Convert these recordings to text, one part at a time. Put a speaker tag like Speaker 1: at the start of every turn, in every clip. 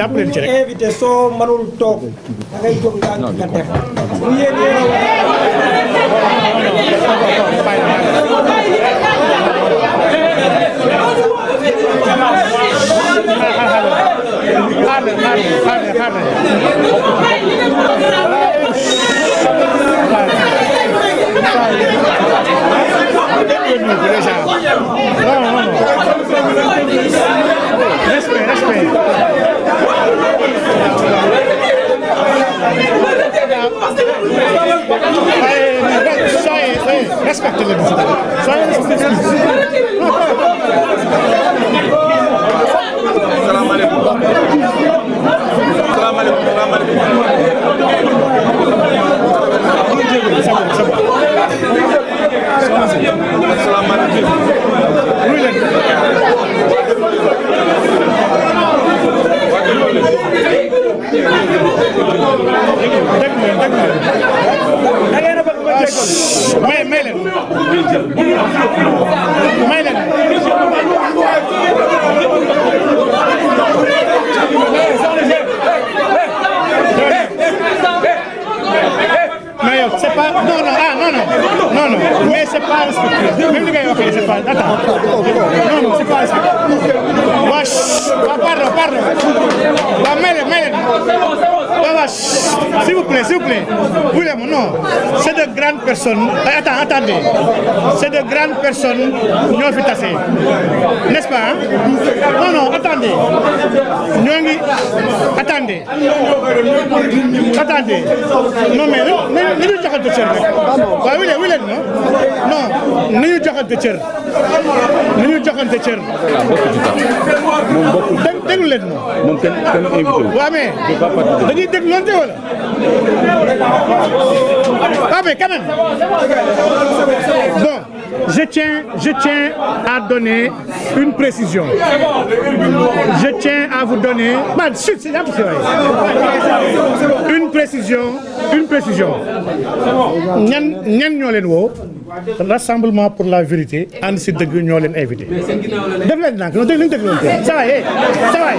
Speaker 1: jàpp leen ci rek invité soo mënul toog da ngay jóg nga nga def bu Respect, respect. respectez les décideurs. Soyez Thank you. may may leen vous plaît, s'il vous plaît. Vous non. C'est de grandes person eh, Attends, attendez. C'est de grandes personnes qui ont fait tasser. nest pas hein? Non, non, attendez. Attendez. Attendez. Non, mais nous nous avons de cœur. Oui, oui, oui, non. Non, nous avons déglu leen moom. moom kenn kenn invité wu. waaw mais dañuy déglu loonte wala. waaw mais quand même bon je tiens je tiens à donner. une précision. Je tiens à vous donner une précision, une précision. ñan ñan ñoo leen woo rassemblement pour la vérité ànd si dëgg ñoo leen invité. def leen ndànk non dégg nañu dégg nañu saa waay saa waay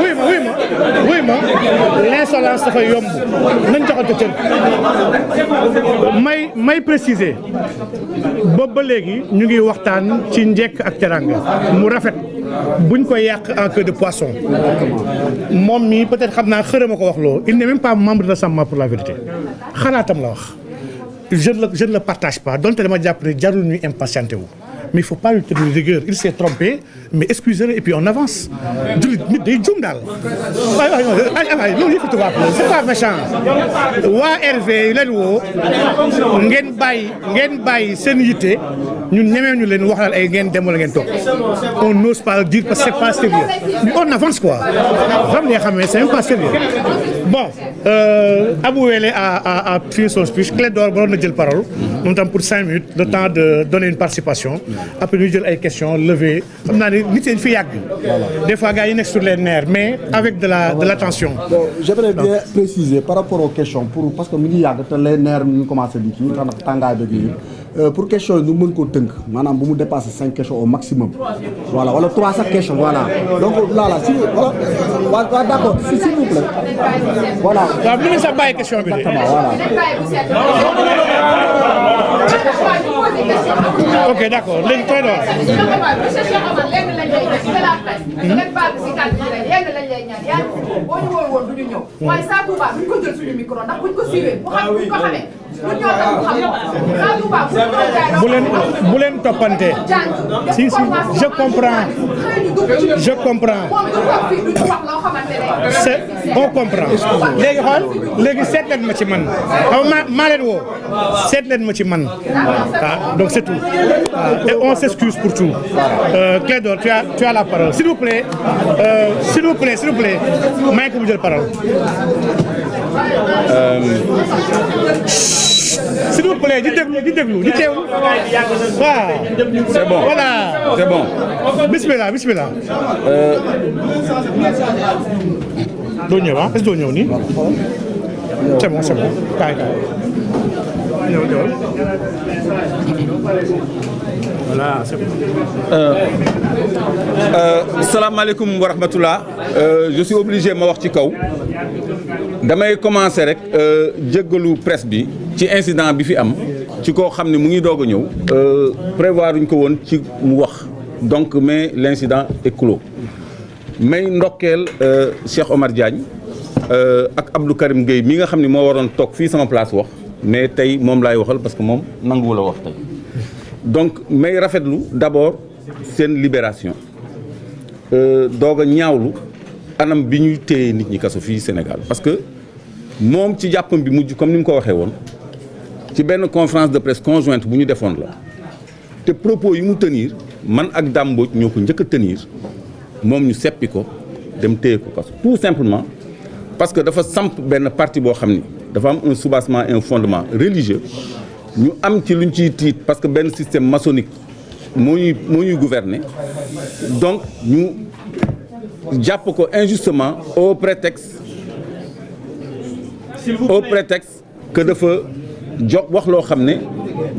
Speaker 1: wuy ma wuy ma wuy ma l'insolence dafa yomb nañ joxante cër may may préciser boobu ba léegi ñu ngi waxtaan ci njekk ak teranga mu rafet bu ñu koy yàq en queue de poisson moom mii peut-être xam naa xërëm a ko wax loo il n'est même pas membre na l'Assemblée pour la vérité xalaatam la wax je ne la je partage pas donte dama jàpp ne jarul ñuy impatienté wu. mais il faut pas lui tenir rigueur il s'est trompé mais excusez-le et puis on avance. jullit nit day jum daal. waay waay waay waay loolu yëpp tubaab la c'est pas méchant. waa RV yi leen woo ngeen bàyyi ngeen bàyyi seen yitte ñun ñemewuñu leen wax daal ay ngeen dem wala ngeen toog on n'ose pas le dire parce que c'est pas sérieux mais on avance quoi. xam nga xam ne c'est même pas sérieux. bon euh, Abou a, a, a fini son speech Clédor waroon na parole moom tam pour cinq minutes le temps de donner une participation après ñu jël ay question levées xam naa ne nit ñi fi yàgg des fois gars yi sur les nerfs mais avec de la de l'attention bon j'aimerais bien
Speaker 2: préciser par rapport aux questions pour parce que mi ngi yàgg te les nerfs ñu commencé di kii tàngaay bëgg yi Euh, pour question yi nu mën koo tënk maanaam bu mu dépasser cinq questions au maximum voilà wala trois sax questions voilà donc voilà si voilà waaw waaw d'accord
Speaker 1: si s'il vous plaît voilà. waaw bu ñu sax bàyyi question bi de. exactement voilà. ok d'accord léegi koy door. waaye saa bu baax duñ ko jël suñu micro ndax buñ ko suivee bu xam buñ ko xamee. buleen leen bu toppante si si je comprends je comprends c'est on comprend léegi xool léegi seet leen ma ci man xaw ma maa leen woo seet leen ma ci man ah donc c'est tout ah, et on s'excuse pour tout Clédor euh, tu tu as la parole s'il vous plaît s'il euh, s'il vous plaît maa ngi ko mu jël parole mais di déglu di déglu waaw c'est bon bismillah bismillah. Euh. doo ñëw ah ce que doo ñëw nii. c'est bon c'est bon kaay kaay.
Speaker 2: ñëw ñëw. voilà c'est euh, euh, ma wax ci kaw. damay commencer rek jéggalu presse bi. ci incident bi fi am ci koo xam ne mu ngi doog a ñëw euh, prévoir uñ ko woon ci mu wax donc mais l' incident est clos may ndokkeel euh, Cheikh Omar Diagne euh, ak Abdou Karim Gueye mi nga xam ne moo waroon toog fii sama place wax mais tey moom laay waxal parce que moom nanguwul a wax tey donc may rafetlu d' abord seen libération doog a ñaawlu anam bi ñuy téye nit ñi kaso fii Sénégal parce que moom ci jàppam bi mujj comme ni mu ko waxee woon ci benn conférence de presse conjointe bu ñu defoon la te propos yi mu tenir man ak Dame Mbodj ñoo ko njëkk a tenir moom ñu seppi ko dem téye ko kaso tout simplement parce que dafa samp benn partie boo xam ni dafa am un soubassement un fondement religieux ñu am ci luñ ciy tiit parce que benn système masonique moo ñuy moo ñuy donc ñu jàpp ko injustement au prétexte au prétexte que dafa jox wax loo xam ne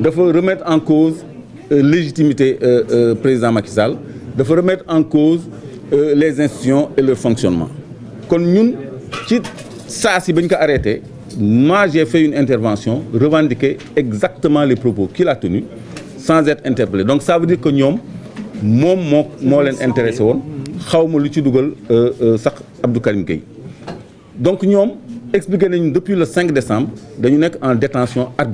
Speaker 2: dafa remettre en cause euh, légitimité euh, euh, président Macky Sall dafa remettre en cause les institutions et leur fonctionnement kon ñun ci saa si ba ñu ko arrêté moi j'ai fait une intervention revendiquer exactement les propos qu'il a tenus sans être interpellé donc ça veut dire que ñoom moom moo moo leen intéressé woon xaw ma lu ci dugal sax Abdou Karim Gueye expliqué nañu depuis le 5 décembre dañu nekk en détention arbitraire